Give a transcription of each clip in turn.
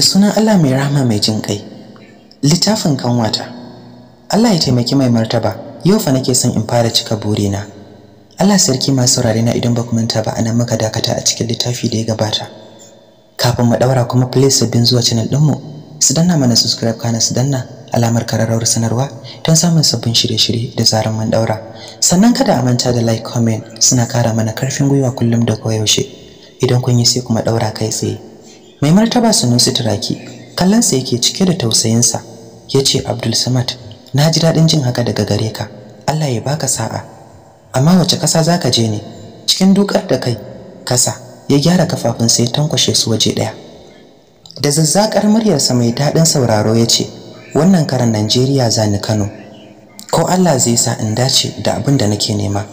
da sunan Allah mai rahama mai jin kai littafin kanwata Allah ya taimaki mai martaba yau fa nake son in fara cika burina Allah sarki masu saurare na idan ba ku manta ba anan muka dakata a cikin littafi da ya gabata kafin mu daura kuma please sabbin zuwa channel din mu, su danna mana subscribe kana su danna alamar kararrawar sanarwa don samun sabbin shirye-shirye da zaran mun daura sannan kada a manta da like comment suna kara mana karfin gwiwa kullum da koyaushe idan kun yi sai kuma daura kai tsaye mai martaba su turaki kallonsa yake cike da tausayinsa ya ce abdul samad na ji daɗin jin haka daga gare ka allah ya baka sa'a amma wace ƙasa za ka je ne cikin dukar da kai kasa ya gyara kafafunsa ya tankwashe su waje ɗaya da zazzakar muryarsa mai daɗin sauraro ya ce wannan karan najeriya zani kano ko allah zai sa in dace da abin da nake nema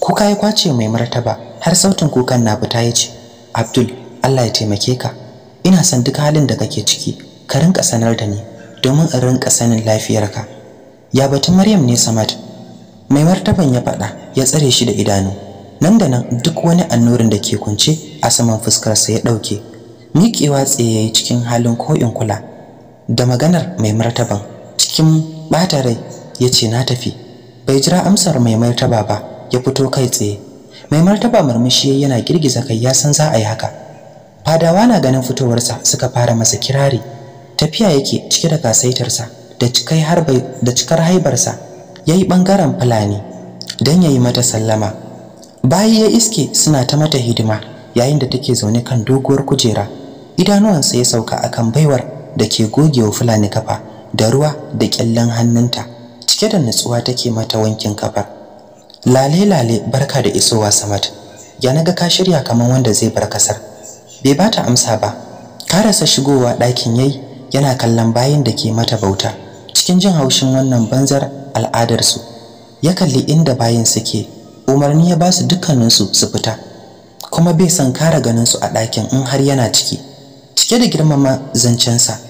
kuka ya kwace mai martaba har sautin kukan na fita ya ce abdul allah ya taimake ka ina san duk halin da kake ciki ka rinka sanar da ni domin in rinka sanin lafiyarka ya batun maryam ne samad mai martaban ya faɗa ya tsare shi da idanu nan da nan duk wani annorin da ke kunce a saman fuskarsa ya ɗauke miƙewa tsaye ya cikin halin ko'in kula da maganar mai martaban cikin ɓata rai ya ce na tafi bai jira amsar mai martaba ba ya fito kai tsaye mai martaba murmushi yana girgiza kai ya san za a yi haka fadawa na ganin fitowarsa suka fara masa kirari tafiya yake cike da kasaitarsa da cikar haibarsa ya yi ɓangaren fulani dan yayi mata sallama bayi ya iske suna ta mata hidima yayin da take zaune kan doguwar kujera idanuwansa ya sauka akan baiwar da ke gogewa fulani kafa da ruwa da kyallen hannunta cike da nutsuwa take mata wankin kafa. lale lale barka da isowa samat ya naga ka shirya kamar wanda zai bar kasar bai ba ta amsa ba karasa shigowa ɗakin yayi yana kallon bayan da ke mata bauta cikin jin haushin wannan banzar al'adarsu ya kalli inda bayin suke umarni ya ba su dukkaninsu su fita kuma bai san kara ganinsu a ɗakin in har yana ciki cike da girmama zancensa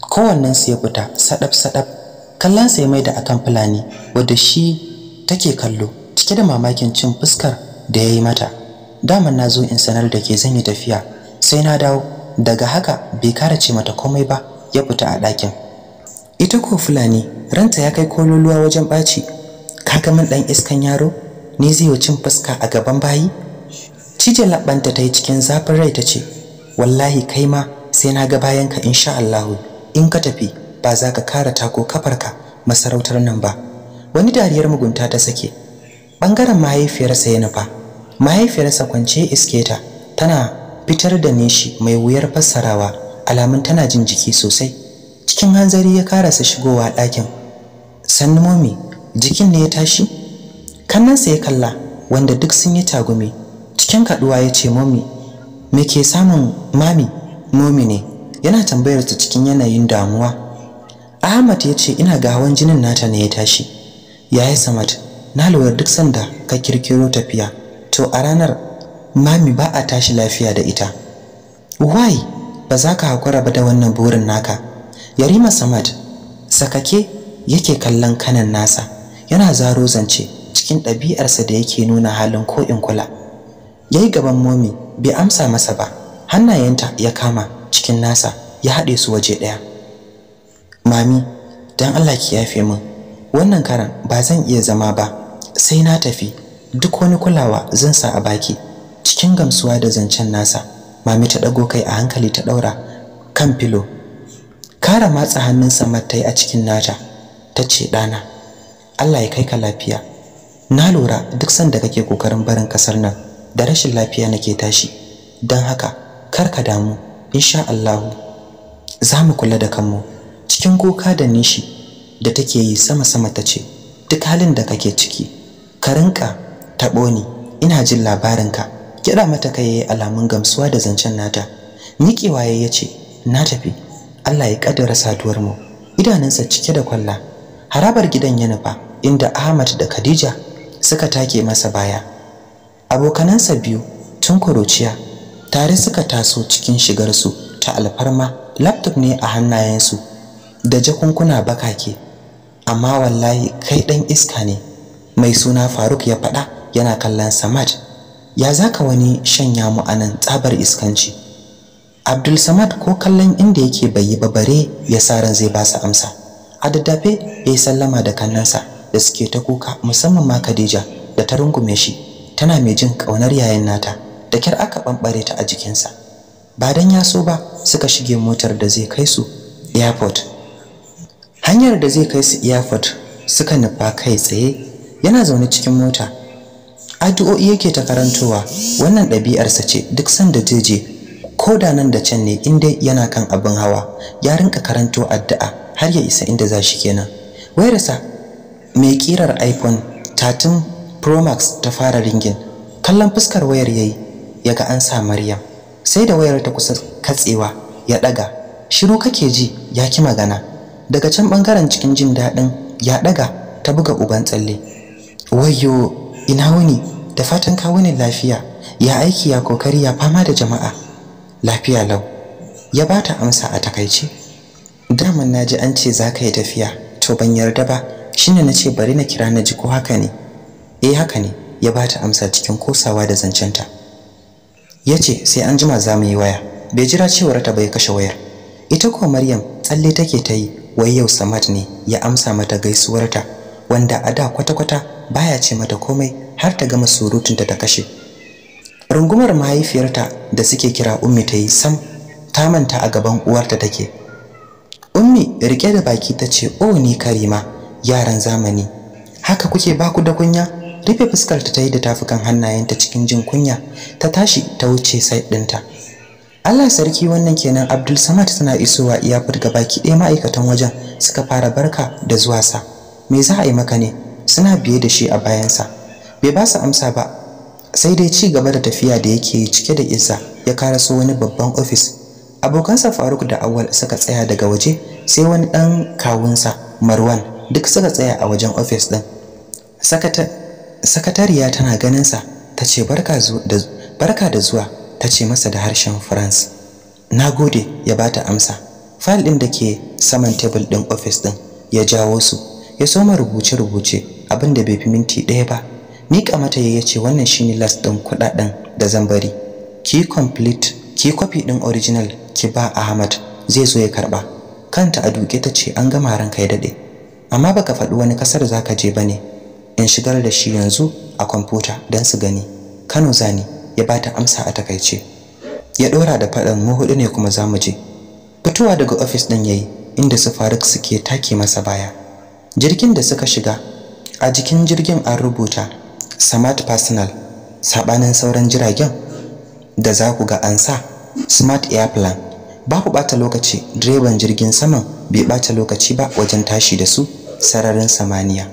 kowannensu ya fita sadab-sadab kallonsa ya maida akan fulani wadda shi take kallo cike da mamakin cin fuskar da ya yi mata daman na zo in sanar da ke zan yi tafiya sai na dawo daga haka bai kara ce mata komai ba ya fita a ɗakin ita ko fulani ranta ya kai kololuwa wajen ɓaci kaga min ɗan iskan yaro ni zai yi cin fuska a gaban bayi cije laɓanta ta yi cikin zafin rai ta ce wallahi kai ma sai na ga bayanka insha Allahu in ka tafi ba za ka kara tako kafarka masarautar nan ba wani dariyar mugunta ta sake ɓangaren mahaifiyarsa ya nufa mahaifiyarsa kwance isketa tana fitar da nishi mai wuyar fassarawa alamun tana jin jiki sosai cikin hanzari ya karasa shigowa ɗakin sannu momi jikin ne ya tashi kannansa ya kalla wanda duk sun yi tagumi cikin kaduwa ya ce momi me ke samun mami momi ne yana tambayar ta cikin yanayin damuwa ahmad ya ce ina ga hawan jinin nata ne ya tashi yaya Samad, na lura duk sanda ka kirkiro tafiya to a ranar mami ba a tashi lafiya da ita why ba za ka haƙura ba da wannan burin naka yarima samad sakake yake kallon kanan nasa yana zaro zance cikin ɗabi'arsa da yake nuna halin ko in kula ya yi gaban momi bai amsa masa ba hannayenta ya kama cikin nasa ya haɗe su waje ɗaya mami don allah ki yafe min wannan karan ba zan iya zama ba sai na tafi duk wani kulawa zan sa a baki cikin gamsuwa da zancen nasa mami ta ɗago kai a hankali ta ɗaura kan filo kara matsa hannunsa matai a cikin nata tace ce ɗana allah ya kai ka lafiya na lura duk sanda kake kokarin barin kasar nan da rashin lafiya nake tashi dan haka kar ka damu insha allahu za mu kula da kanmu cikin kuka da nishi da take yi sama-sama tace duk halin da kake ciki ka rinka taɓo ina jin labarin ka. kira mata kai yi alamun gamsuwa da zancen nata miƙewa ya ce na tafi Allah ya kaddara saduwar mu idanunsa cike da kwalla harabar gidan ya nufa inda Ahmad da Khadija suka take masa baya abokanansa biyu tun kuruciya tare suka taso cikin shigar su ta alfarma laptop ne a hannayensu da jakunkuna bakake amma wallahi kai dan iska ne mai suna Faruk ya faɗa yana kallon Samad ya zaka wani shanya mu anan tsabar iskanci Abdul Samad ko kallon inda yake bai yi babare ya sa ran zai ba amsa a daddafe ya yi sallama da kannansa da suke ta kuka musamman ma Khadija da ta rungume shi tana mai jin kaunar yayin nata da kyar aka bambare ta a jikinsa ba dan ya so ba suka shige motar da zai kai su airport hanyar da zai kai su airport suka nufa kai tsaye yana zaune cikin mota addu'o'i yake ta karantowa wannan ɗabi'arsa ce duk sanda jeje ko da nan da can ne in dai yana kan abin hawa ya rinka karanto addu'a har ya isa inda za shi kenan wayarsa mai ƙirar iphone 13 pro max ta fara ringin kallon fuskar wayar yayi ya ga an sa maryam sai da wayar ta kusa katsewa ya ɗaga shiru kake ji ya ki magana daga can ɓangaren cikin jin daɗin ya ɗaga ta buga uban tsalle wayyo ina wuni da fatan ka wani lafiya ya aiki ya kokari ya fama da jama'a lafiya lau ya ba ta amsa a takaice daman na ji an ce za ka yi tafiya to ban yarda ba shi ne na ce bari na kira na ji ko haka ne eh haka ne ya ba ta amsa cikin kosawa da zancenta ya ce sai an jima za mu yi waya bai jira cewar ta bai kashe wayar ita kuwa maryam tsalle take ta yi wai yau samat ne ya amsa mata gaisuwarta wanda a da kwata-kwata baya ce mata komai har ta gama surutunta ta kashe rungumar mahaifiyarta da suke kira ummi ta yi sam ta manta a gaban uwarta take ummi rike da baki ta ce o ni karima yaran zamani haka kuke baku da kunya rufe fuskarta ta yi da tafukan hannayenta cikin jin kunya ta tashi ta wuce sai ɗinta Allah sarki wannan kenan Abdul Samad suna isowa iyakar gaba ki ɗaya ma'aikatan wajen suka fara barka da zuwa sa me za a yi maka ne suna biye da shi a bayansa bai ba su amsa ba sai dai ci gaba da tafiya da yake cike da isa ya karaso wani babban ofis abokansa faruk da awal suka tsaya daga waje sai wani ɗan kawunsa marwan duk suka tsaya a wajen ofis ɗin sakatariya tana ganinsa ta ce barka da zuwa ta ce masa da harshen france na gode ya bata amsa fayil ɗin da ke saman tebul ɗin ofis ɗin ya jawo su ya soma rubuce-rubuce abin da bai fi minti ɗaya ba Ni mata ya ce wannan shine last ɗin kuɗaɗen da zan bari ki complete ki copy ɗin original ki ba Ahmad zai zo ya karɓa kanta a duke ta ce an gama ranka ya daɗe amma baka faɗi wani ƙasar zaka je ba ne in shigar da shi yanzu a kwamfuta don su gani Kano zani ya bata amsa a takaice ya ɗora da faɗin mu huɗu ne kuma za mu je fitowa daga ofis ɗin ya yi, inda su Faruk suke take masa baya jirgin da suka shiga a jikin jirgin an rubuta smart personal sabanin sauran jiragen da za ku ga an sa smart airplane babu bata lokaci direban jirgin saman bai bata lokaci ba wajen tashi da su sararin samaniya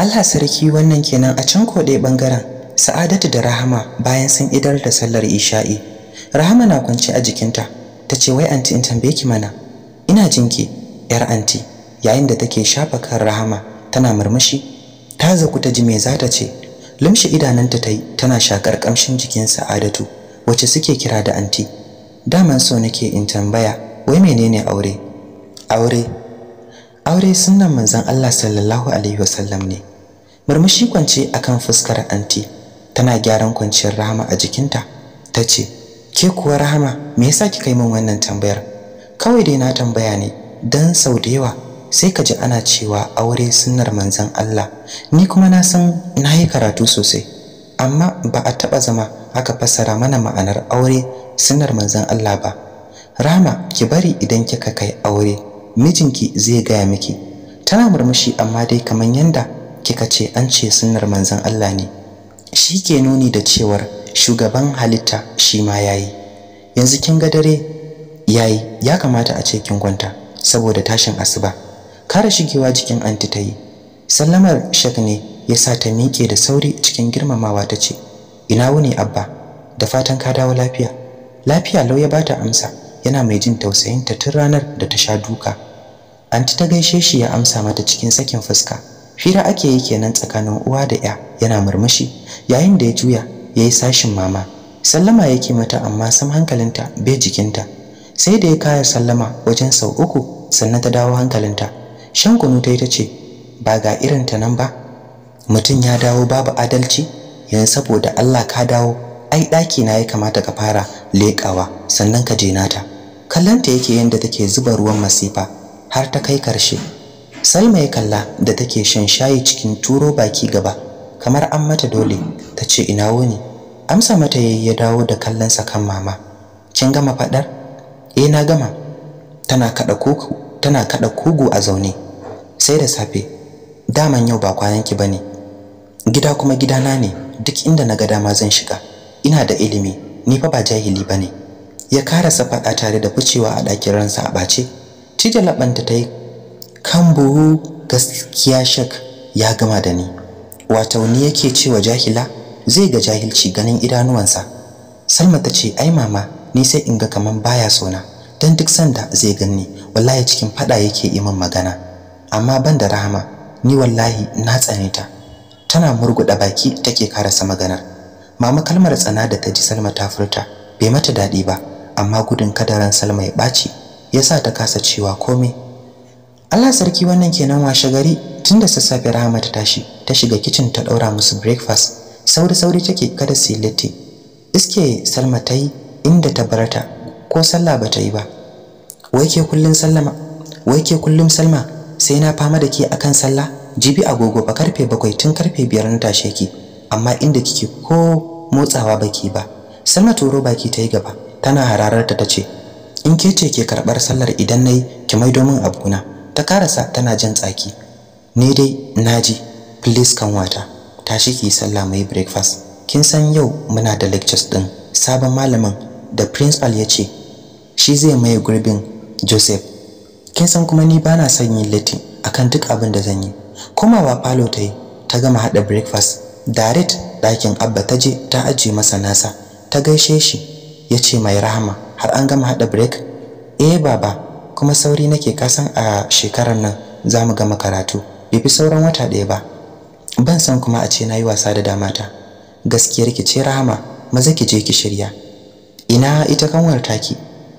Allah sarki wannan kenan a can koɗe bangaren Sa'adatu da Rahama bayan sun idar da sallar Isha'i Rahama na kwance a jikinta ta ce wai anti in tambaye ki mana ina jinki yar anti yayin da take shafa kan Rahama tana murmushi ta zaku ta ji me za ta ce limshi idananta ta yi tana shakar kamshin jikin sa'adatu wacce suke kira da anti daman so nake in tambaya wai menene aure aure aure sunnan manzon Allah sallallahu alaihi wasallam ne murmushi kwance akan fuskar anti tana gyaran kwanciyar rahama a jikinta ta ce ke kuwa rahama me yasa kika yi min wannan tambayar kawai dai na tambaya ne dan sau da yawa sai ka ji ana cewa aure sunnar manzon Allah ni kuma na san na yi karatu sosai amma ba a taɓa zama aka fassara mana ma'anar aure sunnar manzon Allah ba Rama ki bari idan kika kai aure mijinki zai gaya miki tana murmushi amma dai kamar yanda kika ce an ce sunnar manzon Allah ne shi ke nuni da cewar shugaban halitta shi ma yayi yanzu kin ga dare yayi ya kamata a ce kin kwanta saboda tashin asuba kara shigewa jikin anti ta yi sallamar shak ne ya sa ta miƙe da sauri cikin girmamawa ta ce ina wuni abba da fatan ka dawo lafiya lafiya lau ya ta amsa yana mai jin tausayin ta tun ranar da ta sha duka anti ta gaishe shi ya amsa mata cikin sakin fuska fira ake yi kenan tsakanin uwa da ya yana murmushi yayin da ya juya ya yi sashin mama sallama yake mata amma sam hankalinta bai jikinta sai da ya kaya sallama wajen sau uku sannan ta dawo hankalinta shankunu ta yi ta ce ba ga irin ta nan ba mutum ya dawo babu adalci yanzu saboda Allah ka dawo ai ɗaki na ya kamata ka fara leƙawa sannan ka je nata kallanta yake yadda take zuba ruwan masifa har ta kai karshe salma ya kalla da take shan shayi cikin turo baki gaba kamar an mata dole ta ce ina wuni amsa mata yayi ya dawo da kallonsa kan mama kin gama faɗar eh na gama tana kaɗa koko tana kada kugu a zaune sai da safe daman yau ba kwananki bane gida kuma gidana ne duk inda na ga dama zan shiga ina da ilimi ni fa ba jahili bane ya karasa faɗa tare da ficewa a ɗakin ransa a ɓace cije labanta ta yi kan buhu gaskiya shak ya gama da ni wato ni yake cewa jahila zai ga jahilci ganin idanuwansa salma ta ce ai mama ni sai in ga kaman baya sona dan duk sanda zai ganni wallahi cikin fada yake yi min magana amma ban da rahama ni wallahi na tsane ta tana murguda baki take karasa maganar mama kalmar tsana da ta ji Salma ta furta bai mata dadi ba amma gudun kadaran Salma ya baci yasa ta kasa cewa komai Allah sarki wannan kenan washe gari tunda sassafe Rahama ta tashi ta shiga kitchen ta daura musu breakfast sauri sauri take kada su yi iske Salma ta yi inda ta barata ko sallah ba ta yi ba wai ke kullum sallama wai ke kullum salma sai na fama da ke akan sallah jibi agogo ba karfe bakwai tun karfe biyar na tashe ki amma inda kike ko motsawa baki ba salma toro baki ta yi gaba tana hararar ta tace in ke ce ke karɓar sallar idan nayi ki maido min abuna ta karasa tana jan tsaki ni dai naji please kan wata tashi ki sallah mai breakfast kin san yau muna da lectures din sabon malamin da principal ya ce shi zai maye gurbin Joseph kin san kuma ni bana son yin latti akan duk abin da zan yi komawa falo ta yi ta gama hada breakfast direct ɗakin abba ta je ta aje masa nasa ta gaishe shi ya ce mai rahama har an gama hada break eh baba kuma sauri nake kasan a shekarar nan za mu gama karatu bai fi sauran wata ɗaya ba ban san kuma a ce na yi wasa da damata gaskiyar ki ce rahama maza ki je ki shirya ina ita kanwar taki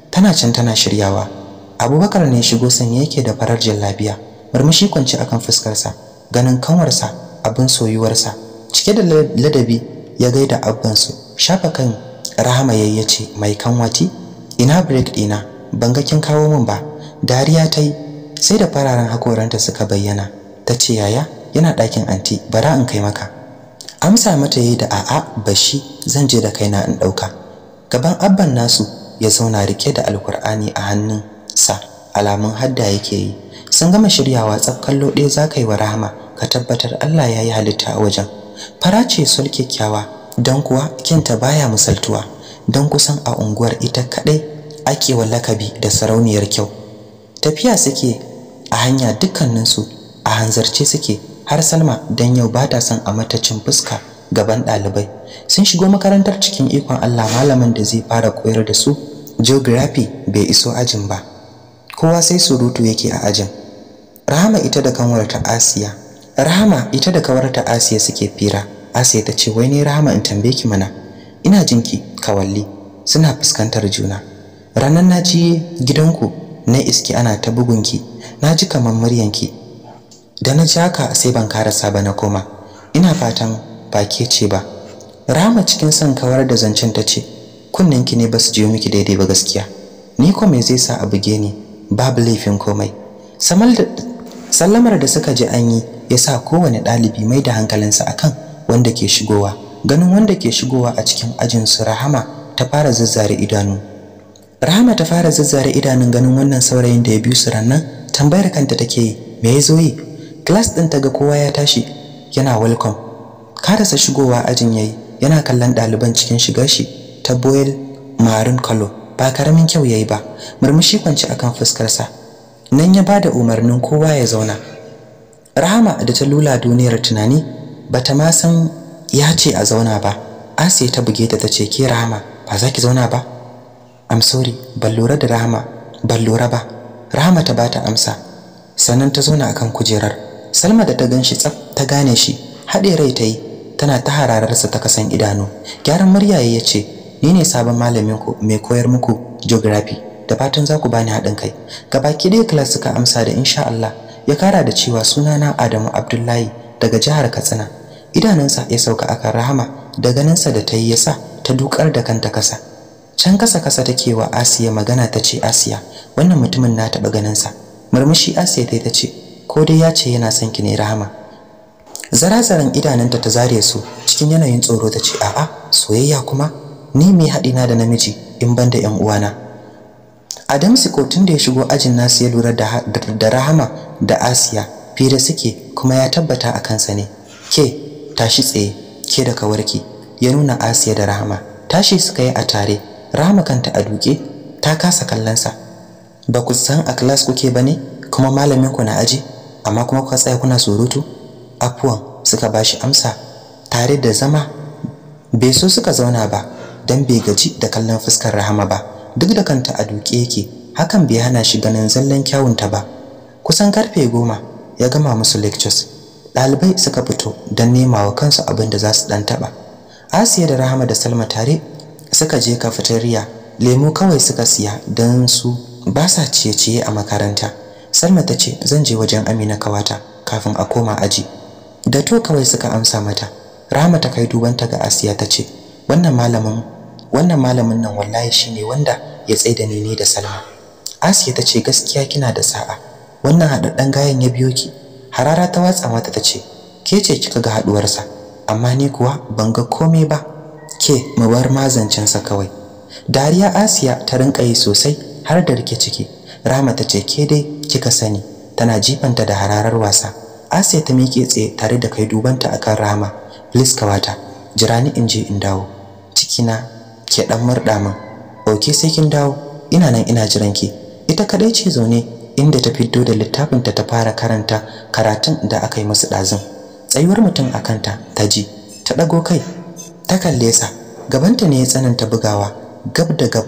tana can tana shiryawa abubakar ne shigo sanye yake da farar jallabiya murmushi kwanci akan fuskarsa ganin kanwarsa abin soyuwarsa cike da ladabi ya gaida abbansu shafa kan rahama ce, mai kanwati ina break dina ban ga kin kawo min ba dariya ta sai da fararen hakoranta suka bayyana tace yaya yana ɗakin anti bara in kai maka amsa mata yayi da a'a ba shi zan je da kaina in ɗauka gaban abban nasu ya zauna rike da alkur'ani a hannun sa alamun hadda yake yi sun gama shiryawa tsaf kallo ɗaya za ka yi wa rahama ka tabbatar Allah ya yi halitta a wajen fara ce sul kyakkyawa don kuwa kyanta baya musaltuwa. don kusan a unguwar ita kaɗai ake wa lakabi da sarauniyar kyau tafiya suke a hanya dukkaninsu a hanzarce suke har salma don yau ba ta son a matacin fuska gaban ɗalibai sun shigo makarantar cikin ikon allah malamin da zai fara koyar da su geography bai iso ajin ba kowa sai surutu yake a ajin rahama ita da kanwarta asiya rahama ita da kawarta asiya suke fira asiya ta ce wai ne rahama in tambaye ki mana ina jinki kawalli suna fuskantar juna ranar na ji gidanku na iski ana ta bugunki na ji kamar muryanki da na jaka sai ban karasa ba na koma ina fatan ba ke ce ba rama cikin son kawar da zancen ta ce ki ne ba su je miki daidai ba gaskiya ni ko me zai sa a buge ni babu laifin komai sallamar da suka ji an yi ya sa kowane ɗalibi mai da hankalinsa akan wanda ke shigowa ganin wanda ke shigowa a cikin ajinsu rahama ta fara zazzare idanu rahama ta fara zazzare idanun ganin wannan saurayin da ya biyu su rannan tambayar kanta take me ya zo yi class ɗin ta ga kowa ya tashi yana welcome karasa shigowa ajin yayi yana kallon ɗaliban cikin shigar shi ta Boyel marin color ba karamin kyau yayi ba murmushi kwanci akan fuskarsa nan ya bada umarnin kowa ya zauna rahama da ta lula duniyar tunani bata ma san ya ce a zauna ba asiya ta buge ta tace ke rahama ba za ki zauna ba i'm sorry ban lura da rahama ban lura ba rahama ta bata amsa sannan ta zauna akan kujerar salma da ta ganshi tsaf ta gane shi haɗe rai ta yi tana ta harararsa ta kasan idanu gyaran muryaye ya ce ni ne sabon malamin ku mai koyar muku geography da fatan za ku bani haɗin kai gabaki ɗaya class suka amsa da insha Allah ya kara da cewa sunana Adamu Abdullahi daga jihar Katsina idanunsa ya sauka akan Rahama da ganinsa da ta yi yasa ta dukar da kanta kasa can kasa kasa take wa Asiya magana ta ce Asiya wannan mutumin na taɓa ganinsa murmushi Asiya ta ce ko dai ya ce yana son ki ne Rahama zarazaran idanunta ta zare su cikin yanayin tsoro ta ce a'a soyayya kuma ni mai na da namiji in ban da ‘yan uwana. su ko tun da ya shigo ajin nasu ya lura da Rahama da Asiya fira suke kuma ya tabbata a kansa ne. Ke tashi tsaye, ke da kawarki ya nuna Asiya da Rahama. Tashi suka yi a tare, Rahama kanta a duke ta kasa kallon sa. Ba ku san a class kuke ba ne kuma malamin ku na aji amma kuma kuka tsaya kuna surutu? Afuwan suka bashi amsa tare da zama bai so suka zauna ba dan bai gaji da kallon fuskar rahama ba duk da kanta a duke yake hakan bai hana shi ganin zallan kyawunta ba kusan karfe goma ya gama musu lectures ɗalibai suka fito don nema wa kansu abin da za su ɗan taɓa asiya da rahama da salma tare suka je cafeteria lemu kawai suka siya dan su ba sa ciye-ciye a makaranta salma tace zan je wajen amina kawata kafin a koma aji da to kawai suka amsa mata rahama ta kai dubanta ga asiya tace ce wannan malamin wannan malamin nan wallahi shine wanda ya tsaida ni ne da Salma Asiya tace gaskiya kina da sa'a wannan hadaddan gayan ya biyo ki harara ta watsa mata tace ce ke ce kika ga haɗuwarsa amma ni kuwa ban ga komai ba ke mu bar sa kawai dariya Asiya ta rinka yi sosai har da rike ciki Rama tace ke dai kika sani tana jifanta da hararar wasa Asiya ta miƙe tsaye tare da kai dubanta akan Rama please kawata jira ni in je in dawo cikina ke dan murda min oke sai kin dawo ina nan ina jiran ki ita kadai ce zaune inda ta fito da littafin ta fara karanta karatun da aka yi musu ɗazun. tsayuwar mutum a kanta ta ji ta dago kai ta kalle sa gabanta ne ya tsananta bugawa gab da gab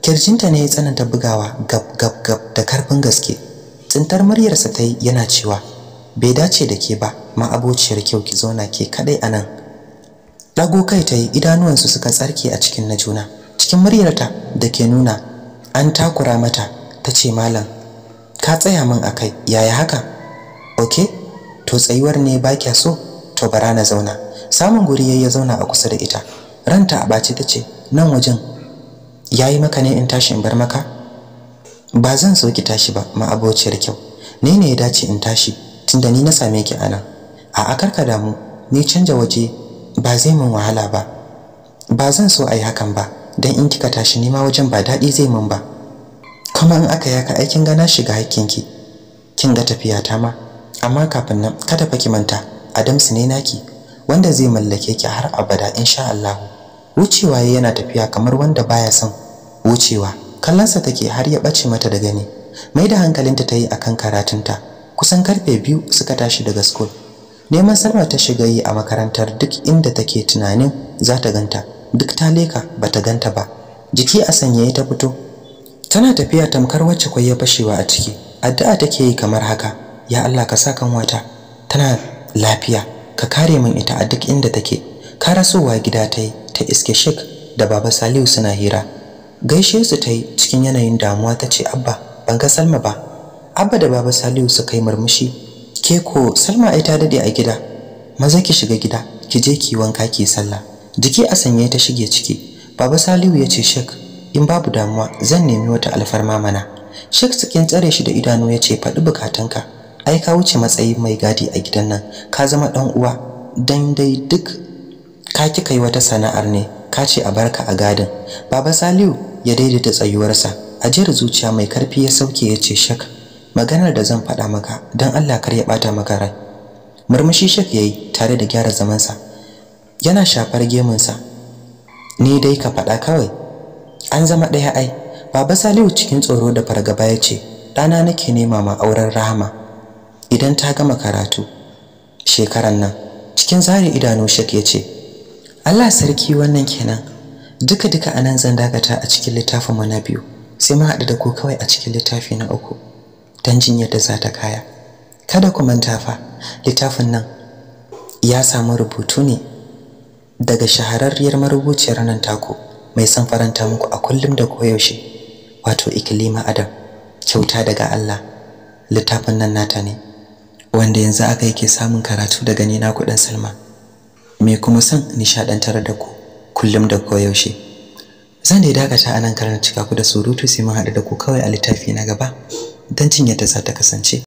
kirjinta ne ya tsananta bugawa gab gab gab da karfin gaske tsintar muryarsa ta yi yana cewa bai dace da ke ba ma abociyar kyau ki zauna ke kadai anan dago kai ta yi idanuwansu suka tsarke a cikin na juna cikin muryarta da ke nuna an takura mata ta ce malam ka tsaya min a kai yaya haka Oke, to tsayuwar ne ba kya so to bara na zauna samun guri ya zauna a kusa da ita ranta a ɓace ta ce nan wajen ya yi maka ne in tashi in bar maka ba zan so ki tashi ba ma'abociyar kyau ne ne ya dace in tashi tunda ni na same ki anan a akarka damu ni canja waje ba zai mun wahala ba ba zan so a yi hakan ba don in kika tashi nema wajen ba daɗi zai mun ba kuma in aka yaka aikin gana shiga hakkinki kin ga tafiya ta ma amma kafin nan kada fa ki manta adamsu ne naki wanda zai mallake ki har abada insha Allah wucewa yana tafiya kamar wanda baya son wucewa kallonsa take har ya ɓace mata da gani mai da hankalinta ta yi akan karatunta kusan karfe biyu suka tashi daga school neman salma ta shiga yi a makarantar duk inda take tunanin za ta ganta duk ta leka ba ta ganta ba jiki a sanyaye ta fito tana tafiya tamkar wacce kwai ya fashewa a ciki addu'a take yi kamar haka ya Allah ka sa kan wata tana lafiya ka kare min ita a duk inda take ka rasowa gida ta yi ta iske shek da baba Saliu suna hira gaishe su ta yi cikin yanayin damuwa ta ce abba ban ga Salma ba abba da baba Saliu su kai murmushi ke ko salma ai ta dade a gida maza ki shiga gida ki je ki wanka ki sallah jiki a sanye ta shige ciki baba salihu ya ce shek in babu damuwa zan nemi wata alfarma mana shek cikin tsare shi da idanu ya ce faɗi bukatunka ai ka wuce matsayin mai gadi a gidan nan ka zama dan uwa dan dai duk ka ki kai wata sana'ar ne ka ce a barka a gadin baba salihu ya daidaita tsayuwarsa ajiyar zuciya mai karfi ya sauke ya ce shek maganar da zan faɗa maka don Allah kar ya ɓata maka rai murmushi shek yayi tare da gyara zamansa yana shafar gemunsa ni dai ka faɗa kawai an zama ɗaya ai baba salihu cikin tsoro da fargaba ya ce ɗana nake nema ma auren rahama idan ta gama karatu shekaran nan cikin zari idanu shek ya ce Allah sarki wannan kenan duka duka anan zan dakata a cikin littafin mu na biyu sai mun haɗu da ku kawai a cikin littafi na uku don jin yadda za ta kaya kada ku manta fa littafin nan ya samu rubutu ne daga shahararriyar marubuciyar nan taku mai son faranta muku a kullum da koyaushe wato ikilima adam kyauta daga Allah littafin nan nata ne wanda yanzu aka yake samun karatu daga ni na kuɗin Salma me kuma son nishadantar da ku kullum da koyaushe zan dai dakata anan karanta cika ku da surutu sai mun haɗu da ku kawai a littafi na gaba don cinyarta za ta kasance